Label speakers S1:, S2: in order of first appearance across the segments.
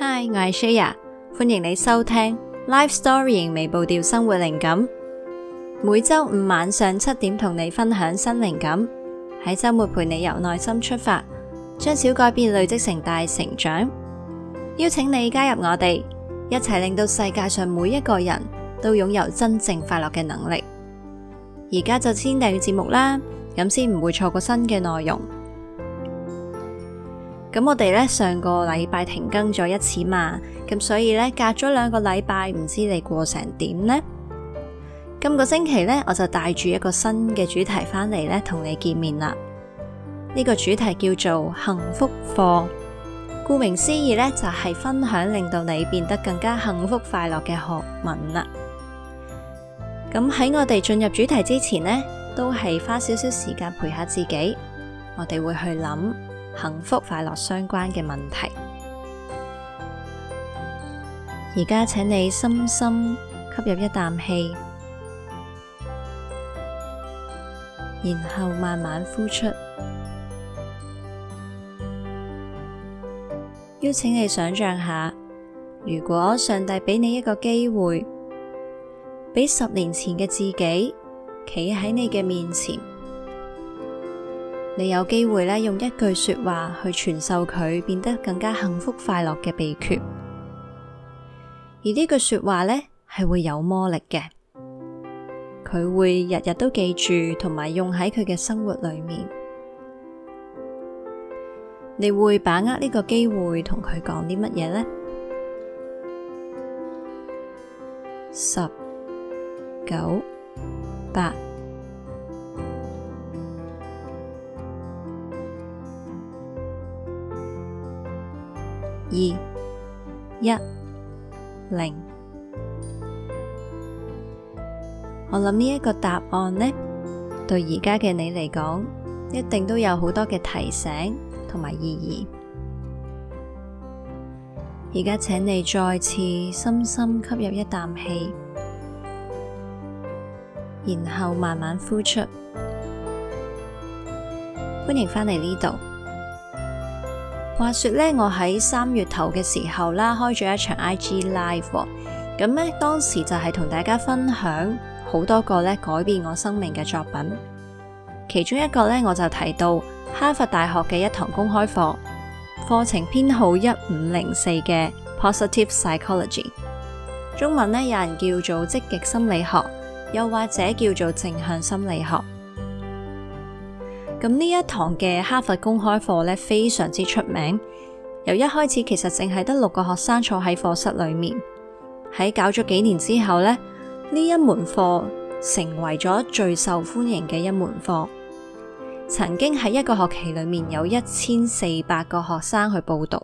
S1: Hi，我係 Shaya，歡迎你收聽 Life Story 微步調生活靈感，每周五晚上七點同你分享新靈感，喺周末陪你由內心出發，將小改變累積成大成長，邀請你加入我哋，一齊令到世界上每一個人都擁有真正快樂嘅能力。而家就簽訂閱節目啦，咁先唔會錯過新嘅內容。咁我哋咧上個禮拜停更咗一次嘛，咁所以咧隔咗兩個禮拜，唔知你過成點呢？今個星期咧，我就帶住一個新嘅主題返嚟咧，同你見面啦。呢個主題叫做幸福課，顧名思義咧，就係分享令到你變得更加幸福快樂嘅學問啦。咁喺我哋進入主題之前呢，都係花少少時間陪下自己，我哋會去諗。幸福快樂相關嘅問題，而家請你深深吸入一啖氣，然後慢慢呼出。邀請你想象下，如果上帝俾你一個機會，俾十年前嘅自己企喺你嘅面前。你有機會咧，用一句說話去傳授佢變得更加幸福快樂嘅秘訣，而呢句說話咧係會有魔力嘅，佢會日日都記住同埋用喺佢嘅生活裏面。你會把握呢個機會同佢講啲乜嘢咧？十九八。二一零，我諗呢一個答案呢，對而家嘅你嚟講，一定都有好多嘅提醒同埋意義。而家請你再次深深吸入一啖氣，然後慢慢呼出。歡迎返嚟呢度。話說咧，我喺三月頭嘅時候啦，開咗一場 IG Live，咁咧當時就係同大家分享好多個咧改變我生命嘅作品，其中一個咧我就提到哈佛大學嘅一堂公開課，課程編號一五零四嘅 Positive Psychology，中文咧有人叫做積極心理學，又或者叫做正向心理學。咁呢一堂嘅哈佛公開課呢，非常之出名。由一開始其實淨係得六個學生坐喺課室裏面，喺搞咗幾年之後呢，呢一門課成為咗最受歡迎嘅一門課。曾經喺一個學期裏面有一千四百個學生去報讀，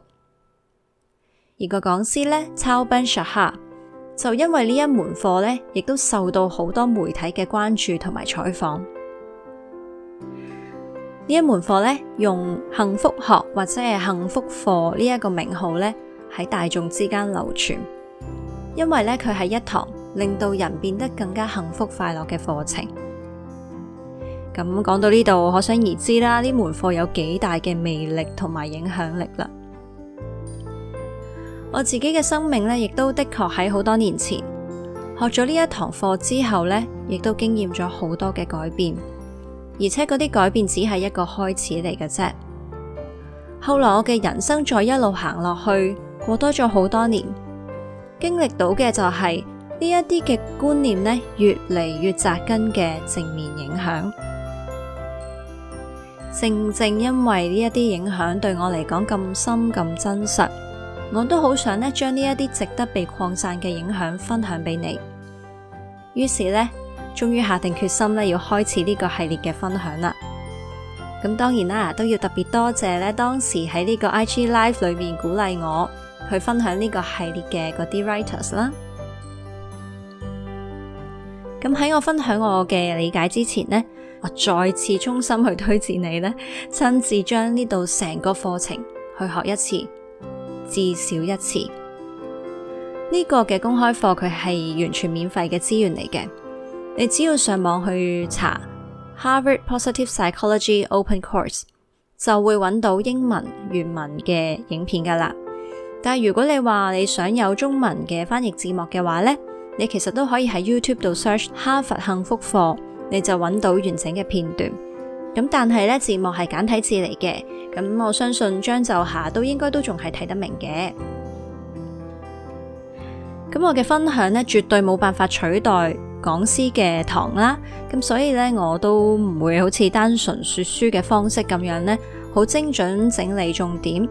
S1: 而個講師呢，Tal Ben-Shahar，就因為呢一門課呢，亦都受到好多媒體嘅關注同埋採訪。呢一門課咧，用幸福學或者係幸福課呢一個名號咧，喺大眾之間流傳，因為咧佢係一堂令到人變得更加幸福快樂嘅課程。咁，嗯，講到呢度，可想而知啦，呢門課有幾大嘅魅力同埋影響力啦。我自己嘅生命咧，亦都的確喺好多年前學咗呢一堂課之後咧，亦都經驗咗好多嘅改變。而且嗰啲改變只係一個開始嚟嘅啫。後來我嘅人生再一路行落去，過多咗好多年，經歷到嘅就係呢一啲嘅觀念呢，越嚟越扎根嘅正面影響。正正因為呢一啲影響對我嚟講咁深咁真實，我都好想呢將呢一啲值得被擴散嘅影響分享俾你。於是呢。終於下定決心咧，要開始呢個系列嘅分享啦。咁當然啦，都要特別多謝咧，當時喺呢個 IG Live 裏面鼓勵我去分享呢個系列嘅嗰啲 writers 啦。咁喺我分享我嘅理解之前呢，我再次衷心去推薦你呢，親自將呢度成個課程去學一次，至少一次。呢個嘅公開課佢係完全免費嘅資源嚟嘅。你只要上網去查 Harvard Positive Psychology Open Course，就會揾到英文原文嘅影片噶啦。但係如果你話你想有中文嘅翻譯字幕嘅話呢，你其實都可以喺 YouTube 度 search 哈佛幸福課，你就揾到完整嘅片段。咁但係呢，字幕係簡體字嚟嘅，咁我相信將就下都應該都仲係睇得明嘅。咁我嘅分享呢，絕對冇辦法取代講師嘅堂啦，咁所以咧，我都唔會好似單純說書嘅方式咁樣咧，好精準整理重點，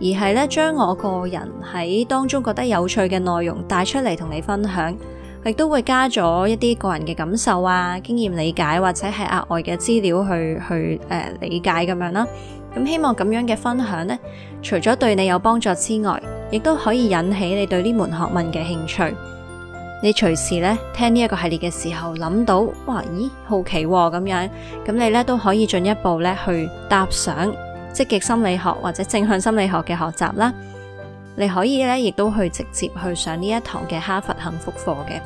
S1: 而係咧將我個人喺當中覺得有趣嘅內容帶出嚟同你分享，亦都會加咗一啲個人嘅感受啊、經驗理解或者係額外嘅資料去去誒、呃、理解咁樣啦。咁希望咁樣嘅分享呢，除咗對你有幫助之外，亦都可以引起你對呢門學問嘅興趣。你隨時咧聽呢一個系列嘅時候，諗到哇，咦，好奇喎咁樣，咁你咧都可以進一步咧去踏上積極心理學或者正向心理學嘅學習啦。你可以咧亦都去直接去上呢一堂嘅哈佛幸福課嘅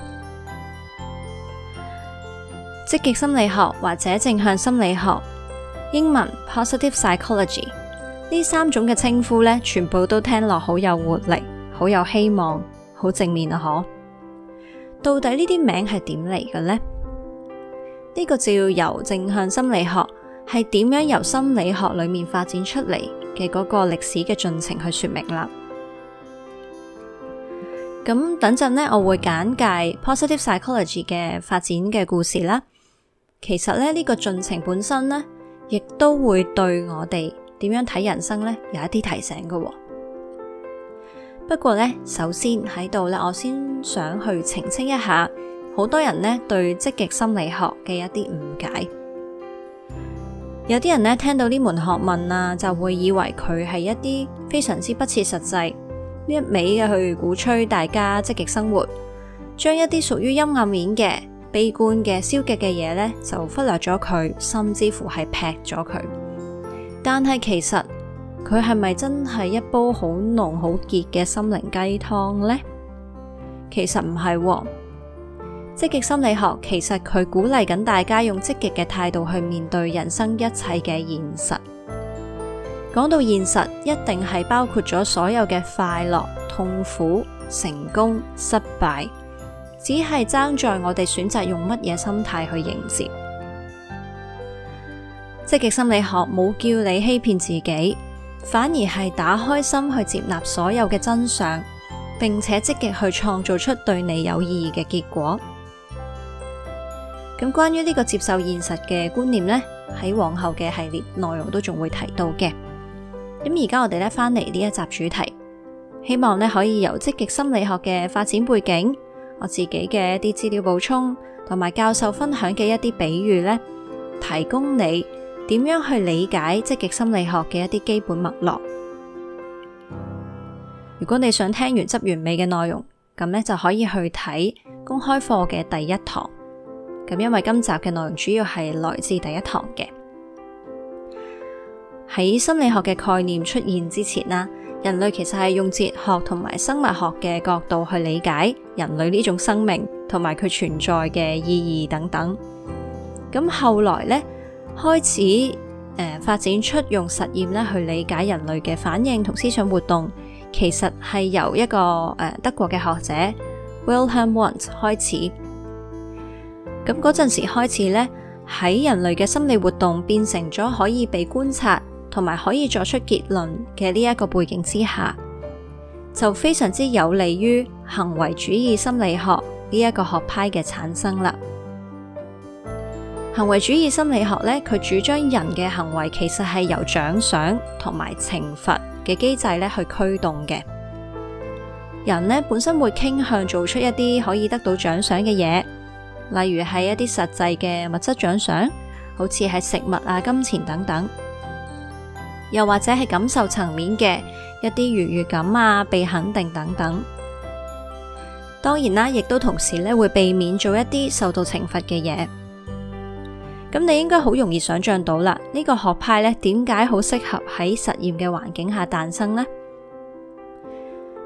S1: 積極心理學或者正向心理學英文 Positive Psychology，呢三種嘅稱呼咧，全部都聽落好有活力，好有希望，好正面啊！嗬。到底呢啲名係點嚟嘅呢？呢個就要由正向心理學係點樣由心理學裏面發展出嚟嘅嗰個歷史嘅進程去說明啦。咁等陣呢，我會簡介 Positive Psychology 嘅發展嘅故事啦。其實咧，呢個進程本身呢，亦都會對我哋點樣睇人生呢，有一啲提醒嘅哦。不過呢，首先喺度呢，我先想去澄清一下，好多人呢，對積極心理學嘅一啲誤解。有啲人呢，聽到呢門學問啊，就會以為佢係一啲非常之不切實際、呢一味嘅去鼓吹大家積極生活，將一啲屬於陰暗面嘅、悲觀嘅、消極嘅嘢呢，就忽略咗佢，甚至乎係劈咗佢。但係其實。佢係咪真係一煲好濃好傑嘅心靈雞湯呢？其實唔係哦。積極心理學其實佢鼓勵緊大家用積極嘅態度去面對人生一切嘅現實。講到現實，一定係包括咗所有嘅快樂、痛苦、成功、失敗，只係爭在我哋選擇用乜嘢心態去迎接。積極心理學冇叫你欺騙自己。反而係打開心去接納所有嘅真相，並且積極去創造出對你有意義嘅結果。咁關於呢個接受現實嘅觀念呢，喺往後嘅系列內容都仲會提到嘅。咁而家我哋咧翻嚟呢一集主題，希望呢可以由積極心理學嘅發展背景，我自己嘅一啲資料補充，同埋教授分享嘅一啲比喻呢，提供你，點樣去理解積極心理學嘅一啲基本脈絡？如果你想聽原汁原味嘅內容，咁呢就可以去睇公開課嘅第一堂。咁因為今集嘅內容主要係來自第一堂嘅。喺心理學嘅概念出現之前啦，人類其實係用哲學同埋生物學嘅角度去理解人類呢種生命同埋佢存在嘅意義等等。咁後來呢。開始誒、呃、發展出用實驗咧去理解人類嘅反應同思想活動，其實係由一個誒、呃、德國嘅學者 Wilhelm Wundt 開始。咁嗰陣時開始咧，喺人類嘅心理活動變成咗可以被觀察同埋可以作出結論嘅呢一個背景之下，就非常之有利於行為主義心理學呢一個學派嘅產生啦。行為主義心理學呢，佢主張人嘅行為其實係由獎賞同埋懲罰嘅機制咧去驅動嘅。人呢本身會傾向做出一啲可以得到獎賞嘅嘢，例如係一啲實際嘅物質獎賞，好似係食物啊、金錢等等；又或者係感受層面嘅一啲愉悦感啊、被肯定等等。當然啦，亦都同時咧會避免做一啲受到懲罰嘅嘢。咁你應該好容易想象到啦，呢個學派咧點解好適合喺實驗嘅環境下誕生呢？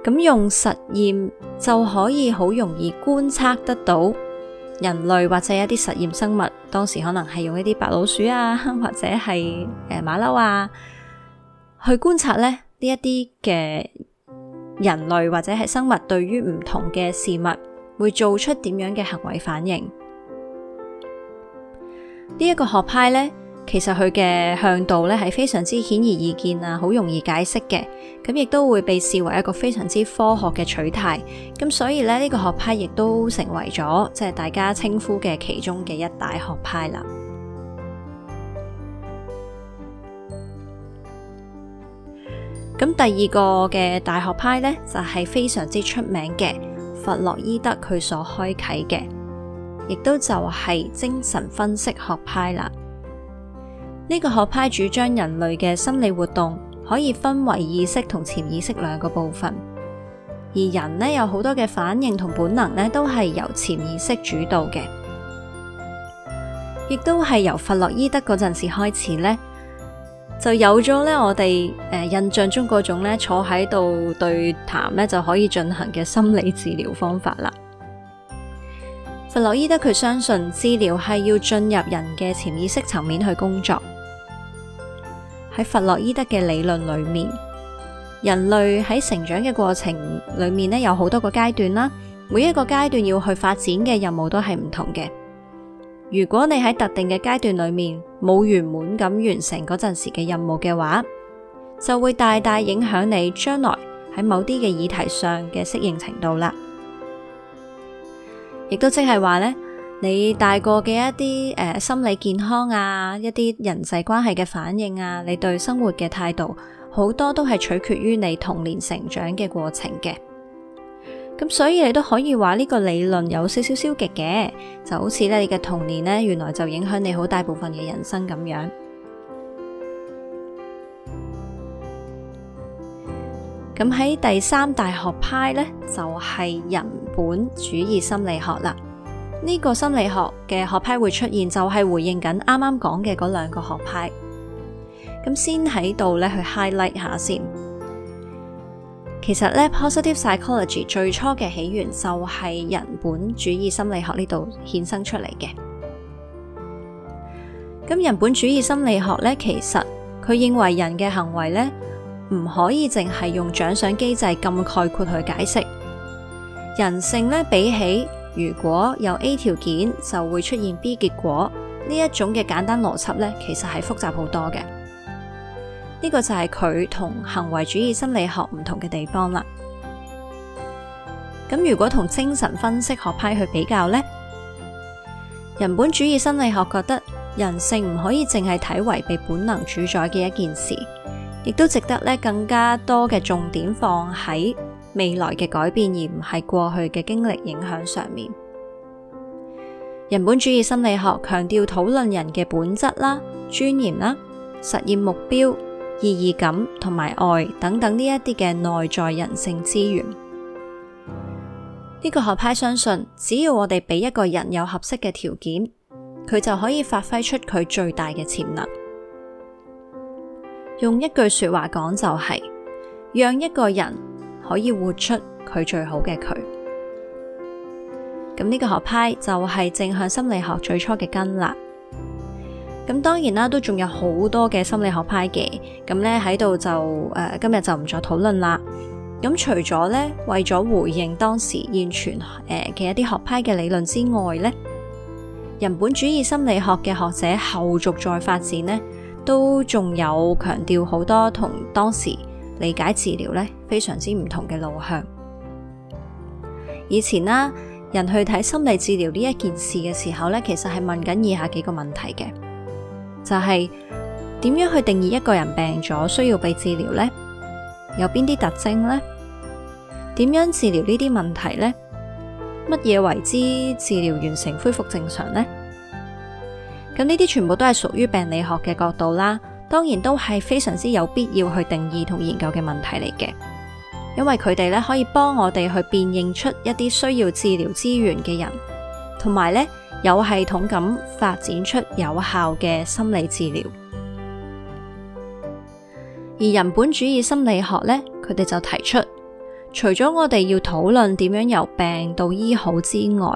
S1: 咁用實驗就可以好容易觀測得到人類或者一啲實驗生物，當時可能係用一啲白老鼠啊，或者係誒馬騮啊，去觀察咧呢一啲嘅人類或者係生物對於唔同嘅事物會做出點樣嘅行為反應。呢一個學派呢，其實佢嘅向度呢係非常之顯而易見啊，好容易解釋嘅，咁亦都會被視為一個非常之科學嘅取態，咁所以呢，呢、呢個學派亦都成為咗即係大家稱呼嘅其中嘅一大學派啦。咁第二個嘅大學派呢，就係、係、非常之出名嘅弗洛伊德佢所開啟嘅。亦都就係精神分析學派啦。呢、這個學派主張人類嘅心理活動可以分為意識同潛意識兩個部分，而人呢有好多嘅反應同本能呢都係由潛意識主導嘅，亦都係由弗洛伊德嗰陣時開始呢就有咗呢我哋誒、呃、印象中嗰種呢坐喺度對談呢就可以進行嘅心理治療方法啦。弗洛伊德佢相信治療係要進入人嘅潛意識層面去工作。喺弗洛伊德嘅理論裏面，人類喺成長嘅過程裏面呢，有好多個階段啦，每一個階段要去發展嘅任務都係唔同嘅。如果你喺特定嘅階段裏面冇圓滿咁完成嗰陣時嘅任務嘅話，就會大大影響你將來喺某啲嘅議題上嘅適應程度啦。亦都即係話咧，你大個嘅一啲誒、呃、心理健康啊，一啲人際關係嘅反應啊，你對生活嘅態度，好多都係取決於你童年成長嘅過程嘅。咁所以你都可以話呢個理論有少少消極嘅，就好似咧你嘅童年咧，原來就影響你好大部分嘅人生咁樣。咁喺第三大學派咧，就係人本主義心理學啦。呢個心理學嘅學派會出現，就係回應緊啱啱講嘅嗰兩個學派。咁先喺度咧去 highlight 下先。其實咧，positive psychology 最初嘅起源就係人本主義心理學呢度衍生出嚟嘅。咁人本主義心理學咧，其實佢認為人嘅行為咧，唔可以淨係用獎賞機制咁概括去解釋人性咧。比起如果有 A 條件就會出現 B 結果呢一種嘅簡單邏輯呢，其實係複雜好多嘅。呢個就係佢同行為主義心理學唔同嘅地方啦。咁如果同精神分析學派去比較呢，人本主義心理學覺得人性唔可以淨係睇為被本能主宰嘅一件事。亦都值得咧，更加多嘅重點放喺未來嘅改變，而唔係過去嘅經歷影響上面。人本主義心理學強調討論人嘅本質啦、尊嚴啦、實現目標、意義感同埋愛等等呢一啲嘅內在人性資源。呢個學派相信，只要我哋俾一個人有合適嘅條件，佢就可以發揮出佢最大嘅潛能。用一句說話講就係、是，讓一個人可以活出佢最好嘅佢。咁呢個學派就係正向心理學最初嘅根啦。咁當然啦，都仲有好多嘅心理學派嘅。咁呢喺度就誒、呃，今日就唔再討論啦。咁除咗呢，為咗回應當時現存誒嘅、呃、一啲學派嘅理論之外呢，人本主義心理學嘅學者後續再發展呢。都仲有強調好多同當時理解治療呢非常之唔同嘅路向。以前啦，啊，人去睇心理治療呢一件事嘅時候呢，其實係問緊以下幾個問題嘅，就是，就係點樣去定義一個人病咗需要被治療呢？有邊啲特徵呢？點樣治療呢啲問題呢？乜嘢為之治療完成恢復正常呢？咁呢啲全部都係屬於病理學嘅角度啦，當然都係非常之有必要去定義同研究嘅問題嚟嘅，因為佢哋咧可以幫我哋去辨認出一啲需要治療資源嘅人，同埋咧有系統咁發展出有效嘅心理治療。而人本主義心理學咧，佢哋就提出，除咗我哋要討論點樣由病到醫好之外，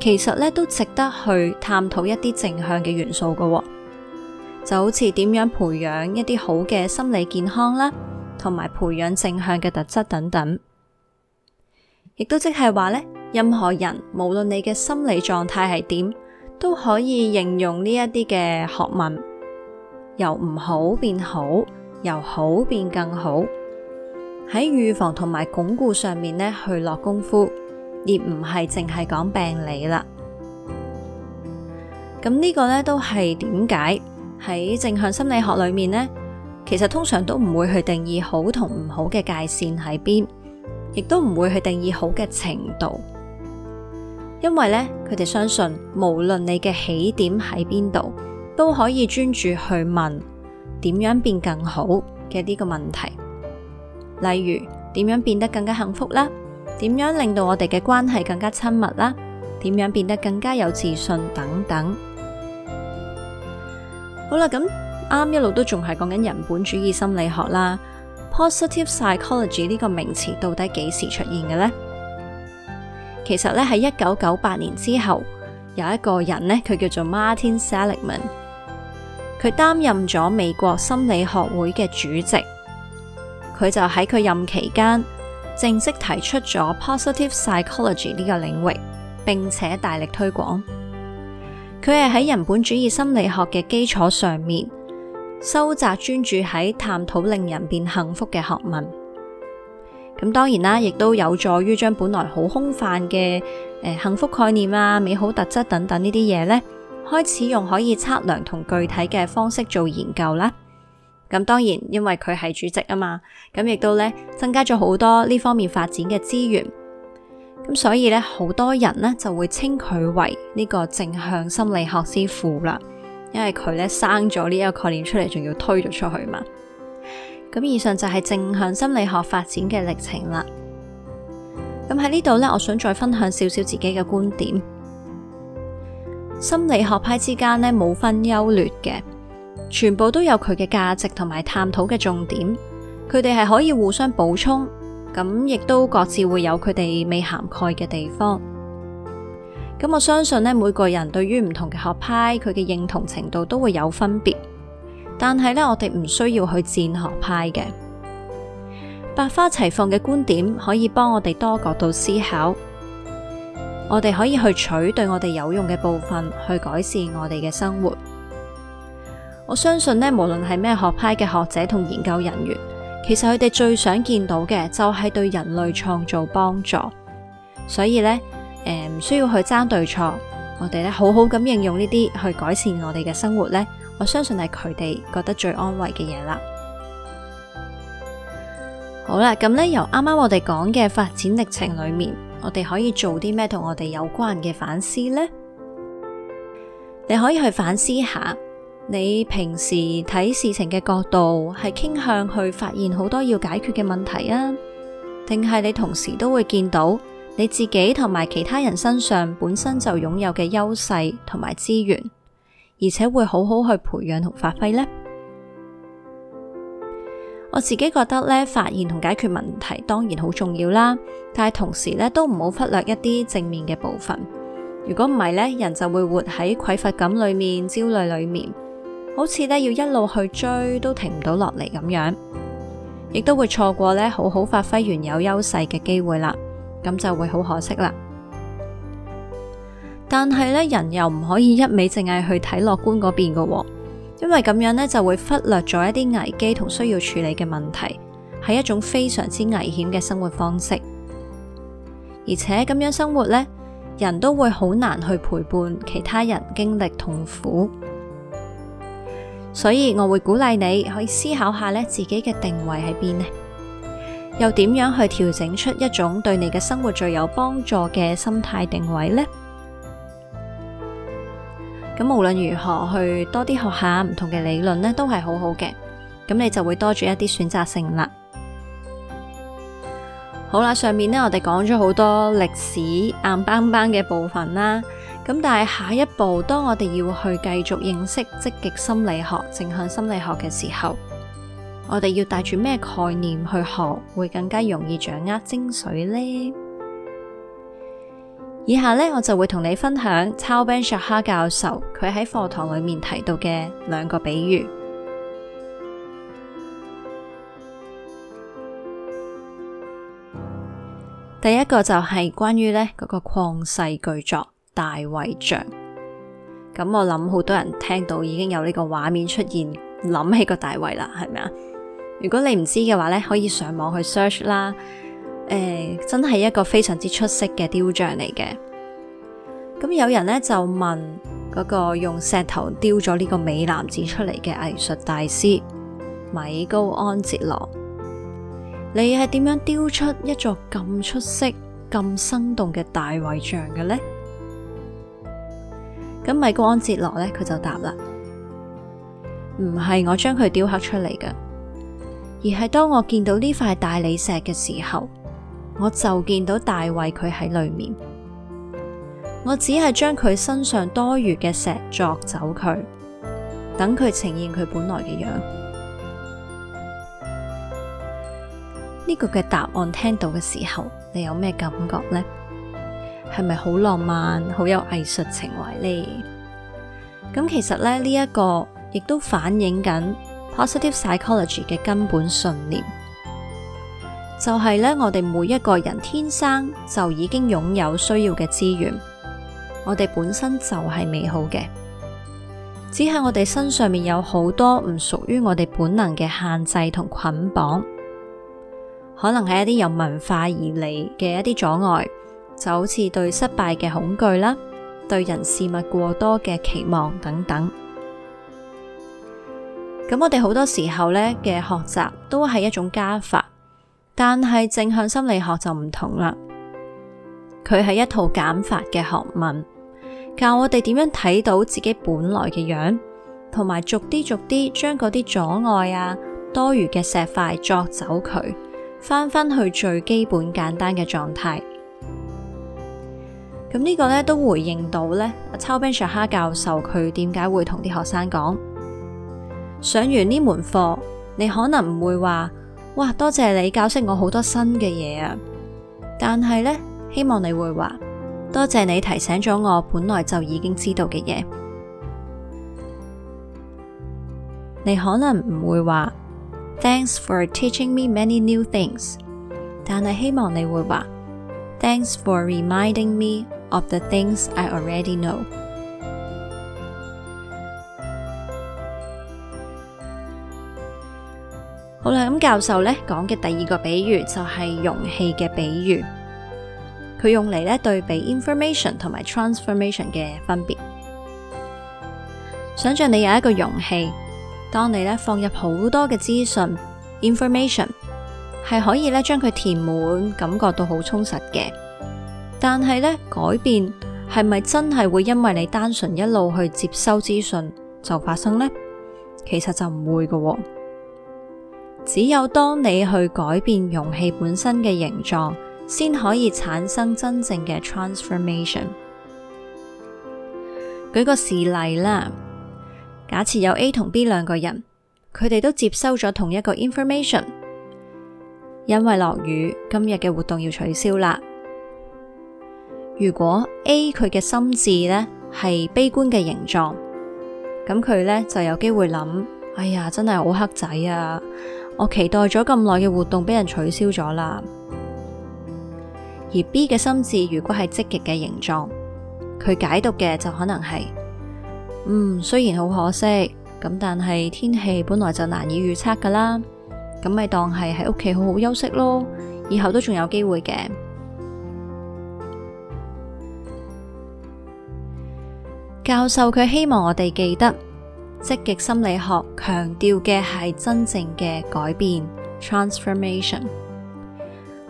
S1: 其實咧都值得去探討一啲正向嘅元素㗎喎，就好似點樣培養一啲好嘅心理健康啦，同埋培養正向嘅特質等等。亦都即係話咧，任何人無論你嘅心理狀態係點，都可以應用呢一啲嘅學問，由唔好變好，由好變更好，喺預防同埋鞏固上面呢去落功夫。而唔係淨係講病理啦，咁呢個呢，都係點解喺正向心理學裏面呢，其實通常都唔會去定義好同唔好嘅界線喺邊，亦都唔會去定義好嘅程度，因為呢，佢哋相信，無論你嘅起點喺邊度，都可以專注去問點樣變更好嘅呢個問題，例如點樣變得更加幸福呢？點樣令到我哋嘅關係更加親密啦？點樣變得更加有自信等等？好啦，咁啱一路都仲係講緊人本主義心理學啦。Positive Psychology 呢個名詞到底幾時出現嘅呢？其實咧喺一九九八年之後，有一個人呢，佢叫做 Martin Seligman，佢擔任咗美國心理學會嘅主席，佢就喺佢任期間。正式提出咗 Positive Psychology 呢個領域，並且大力推廣。佢係喺人本主義心理學嘅基礎上面，收窄專注喺探討令人變幸福嘅學問。咁當然啦，亦都有助於將本來好空泛嘅誒、呃、幸福概念啊、美好特質等等呢啲嘢咧，開始用可以測量同具體嘅方式做研究啦。咁當然，因為佢係主席啊嘛，咁亦都咧增加咗好多呢方面發展嘅資源，咁所以咧好多人咧就會稱佢為呢個正向心理學之父啦，因為佢咧生咗呢一個概念出嚟，仲要推咗出去嘛。咁以上就係正向心理學發展嘅歷程啦。咁喺呢度咧，我想再分享少少自己嘅觀點，心理學派之間咧冇分優劣嘅。全部都有佢嘅價值同埋探討嘅重點，佢哋係可以互相補充，咁亦都各自會有佢哋未涵蓋嘅地方。咁我相信呢，每個人對於唔同嘅學派，佢嘅認同程度都會有分別。但係呢，我哋唔需要去戰學派嘅，百花齊放嘅觀點可以幫我哋多角度思考，我哋可以去取對我哋有用嘅部分去改善我哋嘅生活。我相信咧，無論係咩學派嘅學者同研究人員，其實佢哋最想見到嘅就係對人類創造幫助。所以咧，誒、呃、唔需要去爭對錯，我哋咧好好咁應用呢啲去改善我哋嘅生活咧。我相信係佢哋覺得最安慰嘅嘢啦。好啦，咁咧由啱啱我哋講嘅發展歷程裏面，我哋可以做啲咩同我哋有關嘅反思呢？你可以去反思下。你平時睇事情嘅角度係傾向去發現好多要解決嘅問題啊，定係你同時都會見到你自己同埋其他人身上本身就擁有嘅優勢同埋資源，而且會好好去培養同發揮呢？我自己覺得咧，發現同解決問題當然好重要啦，但係同時咧都唔好忽略一啲正面嘅部分。如果唔係咧，人就會活喺匱乏感裏面、焦慮裏面。好似咧要一路去追，都停唔到落嚟咁樣，亦都會錯過咧好好發揮原有優勢嘅機會啦，咁就會好可惜啦。但係咧，人又唔可以一味淨係去睇樂觀嗰邊㗎喎，因為咁樣咧就會忽略咗一啲危機同需要處理嘅問題，係一種非常之危險嘅生活方式。而且咁樣生活呢，人都會好難去陪伴其他人經歷痛苦。所以我會鼓勵你，可以思考下呢自己嘅定位喺邊呢，又點樣去調整出一種對你嘅生活最有幫助嘅心態定位呢？咁無論如何去多啲學下唔同嘅理論呢，都係好好嘅。咁你就會多咗一啲選擇性啦。好啦，上面呢，我哋講咗好多歷史硬邦邦嘅部分啦。咁但係下一步，當我哋要去繼續認識積極心理學、正向心理學嘅時候，我哋要帶住咩概念去學會更加容易掌握精髓呢？以下呢，我就會同你分享 Chow Ben-Shahar、ah、教授佢喺課堂裏面提到嘅兩個比喻。第一個就係關於呢嗰、這個曠世巨作，大衛像咁，我諗好多人聽到已經有呢個畫面出現，諗起個大衛啦，係咪啊？如果你唔知嘅話呢，可以上網去 search 啦。誒、欸，真係一個非常之出色嘅雕像嚟嘅。咁有人呢就問嗰個用石頭雕咗呢個美男子出嚟嘅藝術大師米高安哲羅，你係點樣雕出一座咁出色、咁生動嘅大衛像嘅呢？」咁米高安哲羅呢，佢就答啦：唔係我將佢雕刻出嚟噶，而係當我見到呢塊大理石嘅時候，我就見到大衛佢喺裏面。我只係將佢身上多餘嘅石鑿走佢，等佢呈現佢本來嘅樣。呢個嘅答案聽到嘅時候，你有咩感覺呢？係咪好浪漫、好有藝術情懷呢？咁其實咧呢一個亦都反映緊 positive psychology 嘅根本信念，就係咧我哋每一個人天生就已經擁有需要嘅資源，我哋本身就係美好嘅，只係我哋身上面有好多唔屬於我哋本能嘅限制同捆綁，可能係一啲由文化而嚟嘅一啲阻礙。首次對失敗嘅恐懼啦，對人事物過多嘅期望等等。咁我哋好多時候呢嘅學習都係一種加法，但係正向心理學就唔同啦，佢係一套減法嘅學問，教我哋點樣睇到自己本來嘅樣，同埋逐啲逐啲將嗰啲阻礙啊、多餘嘅石塊作走佢，翻返去最基本簡單嘅狀態。咁呢個呢都回應到呢，阿 Tal Ben-Shahar 教授佢點解會同啲學生講。上完呢門課，你可能唔會話，哇，多謝你教識我好多新嘅嘢啊！但係呢，希望你會話，多謝你提醒咗我本來就已經知道嘅嘢。你可能唔會話，Thanks for teaching me many new things，但係希望你會話，Thanks for reminding me。Of the things I already know. 好啦，咁教授呢講嘅第二個比喻就係容器嘅比喻，佢用嚟呢對比 information 同埋 transformation 嘅分別。想象你有一個容器，當你呢放入好多嘅資訊 information，係可以呢將佢填滿，感覺到好充實嘅。但係呢，改變係咪真係會因為你單純一路去接收資訊就發生呢？其實就唔會㗎喎。只有當你去改變容器本身嘅形狀，先可以產生真正嘅 transformation。舉個事例啦，假設有 A 同 B 兩個人，佢哋都接收咗同一個 information，因為落雨，今日嘅活動要取消啦。如果 A 佢嘅心智呢，係悲觀嘅形狀，咁佢呢就有機會諗：哎呀，真係好黑仔啊！我期待咗咁耐嘅活動俾人取消咗啦。而 B 嘅心智如果係積極嘅形狀，佢解讀嘅就可能係：嗯，雖然好可惜，咁但係天氣本來就難以預測噶啦，咁咪當係喺屋企好好休息咯，以後都仲有機會嘅。教授佢希望我哋記得，積極心理學強調嘅係真正嘅改變 （transformation）。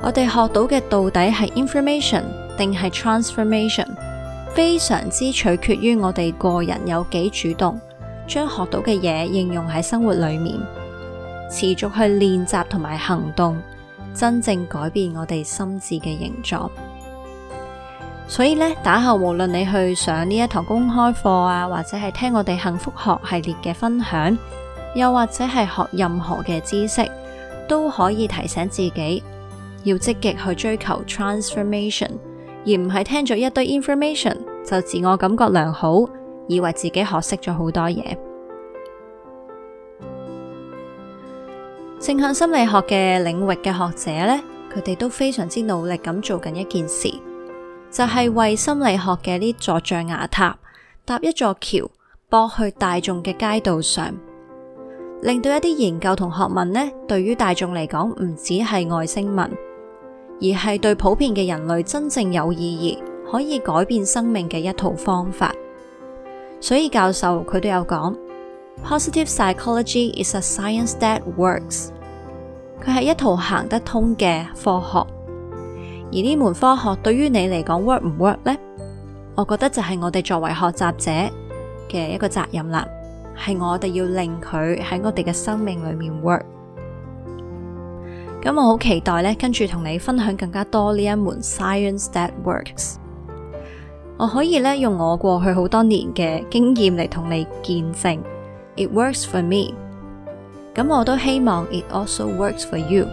S1: 我哋學到嘅到底係 information 定係 transformation？非常之取決於我哋個人有幾主動，將學到嘅嘢應用喺生活裏面，持續去練習同埋行動，真正改變我哋心智嘅形狀。所以呢，打後無論你去上呢一堂公開課啊，或者係聽我哋幸福學系列嘅分享，又或者係學任何嘅知識，都可以提醒自己要積極去追求 transformation，而唔係聽咗一堆 information 就自我感覺良好，以為自己學識咗好多嘢。正向心理學嘅領域嘅學者呢，佢哋都非常之努力咁做緊一件事。就係為心理學嘅呢座象牙塔搭一座橋，駁去大眾嘅街道上，令到一啲研究同學問呢，對於大眾嚟講唔只係外星文，而係對普遍嘅人類真正有意義，可以改變生命嘅一套方法。所以教授佢都有講，Positive psychology is a science that works。佢係一套行得通嘅科學。而呢門科學對於你嚟講 work 唔 work 呢？我覺得就係我哋作為學習者嘅一個責任啦，係我哋要令佢喺我哋嘅生命裏面 work。咁我好期待呢，跟住同你分享更加多呢一門 science that works。我可以呢，用我過去好多年嘅經驗嚟同你見證，it works for me。咁我都希望 it also works for you。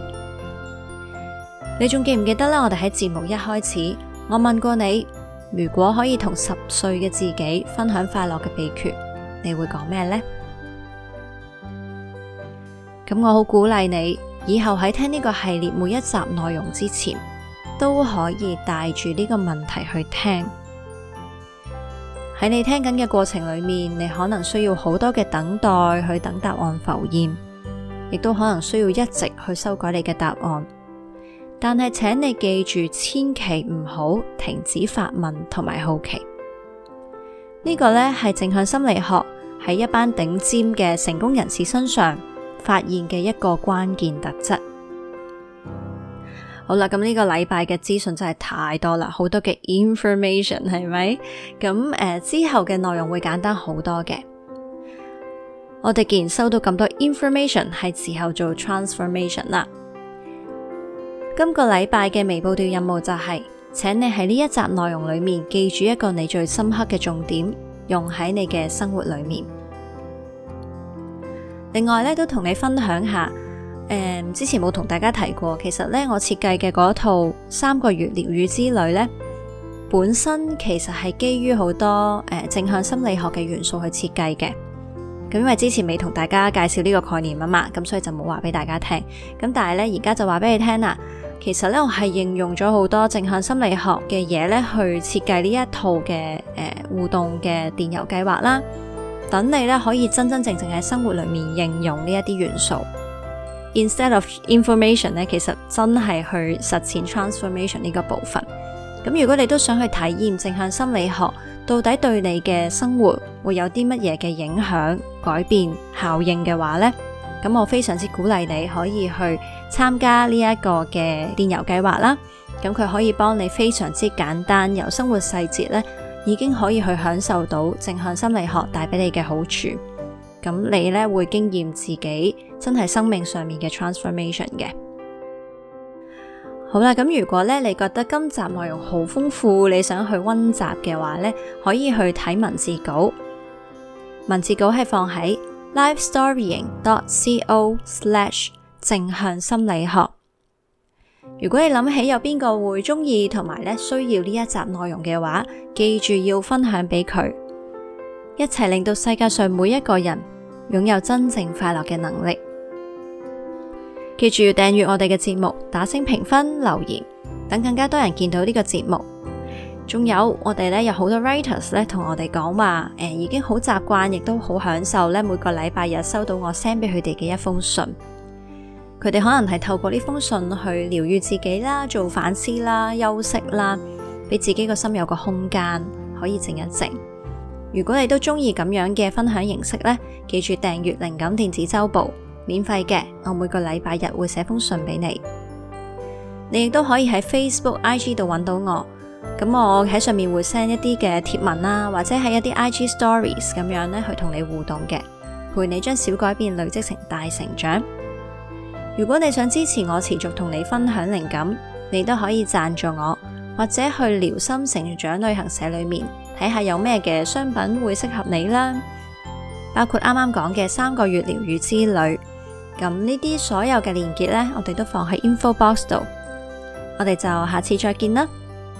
S1: 你仲記唔記得啦？我哋喺節目一開始，我問過你，如果可以同十歲嘅自己分享快樂嘅秘訣，你會講咩呢？咁我好鼓勵你，以後喺聽呢個系列每一集內容之前，都可以帶住呢個問題去聽。喺你聽緊嘅過程裏面，你可能需要好多嘅等待去等答案浮現，亦都可能需要一直去修改你嘅答案。但係，請你記住，千祈唔好停止發問同埋好奇。呢個呢係正向心理學喺一班頂尖嘅成功人士身上發現嘅一個關鍵特質。好啦，咁呢個禮拜嘅資訊真係太多啦，好多嘅 information 係咪？咁誒，呃，之後嘅內容會簡單好多嘅。我哋既然收到咁多 information，係時候做 transformation 啦。今個禮拜嘅微報調任務就係、是，請你喺呢一集內容裏面記住一個你最深刻嘅重點，用喺你嘅生活裏面。另外咧，都同你分享下，誒、嗯，之前冇同大家提過，其實咧我設計嘅嗰套三個月療愈之旅咧，本身其實係基於好多誒、呃、正向心理學嘅元素去設計嘅。咁因為之前未同大家介紹呢個概念啊嘛，咁所以就冇話俾大家聽。咁但係咧而家就話俾你聽啦。其實咧，我係應用咗好多正向心理學嘅嘢咧，去設計呢一套嘅誒、呃、互動嘅電郵計劃啦。等你咧可以真真正正喺生活裏面應用呢一啲元素。Instead of information 咧，其實真係去實踐 transformation 呢個部分。咁如果你都想去體驗正向心理學到底對你嘅生活會有啲乜嘢嘅影響、改變、效應嘅話呢？咁我非常之鼓勵你可以去參加呢一個嘅電郵計劃啦。咁佢可以幫你非常之簡單，由生活細節咧，已經可以去享受到正向心理學帶俾你嘅好處。咁你咧會經驗自己真係生命上面嘅 transformation 嘅。好啦，咁如果咧你覺得今集內容好豐富，你想去溫習嘅話咧，可以去睇文字稿。文字稿係放喺 livestorying.co/ 正向心理學。如果你諗起有邊個會中意同埋咧需要呢一集內容嘅話，記住要分享俾佢，一齊令到世界上每一個人擁有真正快樂嘅能力。記住訂閱我哋嘅節目，打聲評分、留言，等更加多人見到呢個節目。仲有，我哋咧有好多 writers 咧，同我哋講話，誒、呃，已經好習慣，亦都好享受咧。每個禮拜日收到我 send 俾佢哋嘅一封信，佢哋可能係透過呢封信去療愈自己啦，做反思啦，休息啦，俾自己個心有個空間可以靜一靜。如果你都中意咁樣嘅分享形式咧，記住訂閱靈感電子周報，免費嘅，我每個禮拜日會寫封信俾你。你亦都可以喺 Facebook、IG 度揾到我。咁我喺上面會 send 一啲嘅貼文啦，啊，或者係一啲 I G Stories 咁樣咧，去同你互動嘅，陪你將小改變累積成大成長。如果你想支持我持續同你分享靈感，你都可以贊助我，或者去聊心成長旅行社裏面睇下有咩嘅商品會適合你啦。包括啱啱講嘅三個月療癒之旅，咁呢啲所有嘅連結呢，我哋都放喺 info box 度。我哋就下次再見啦。